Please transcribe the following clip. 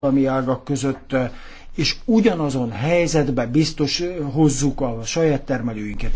állami ágak között, és ugyanazon helyzetbe biztos eh, hozzuk a saját termelőinket.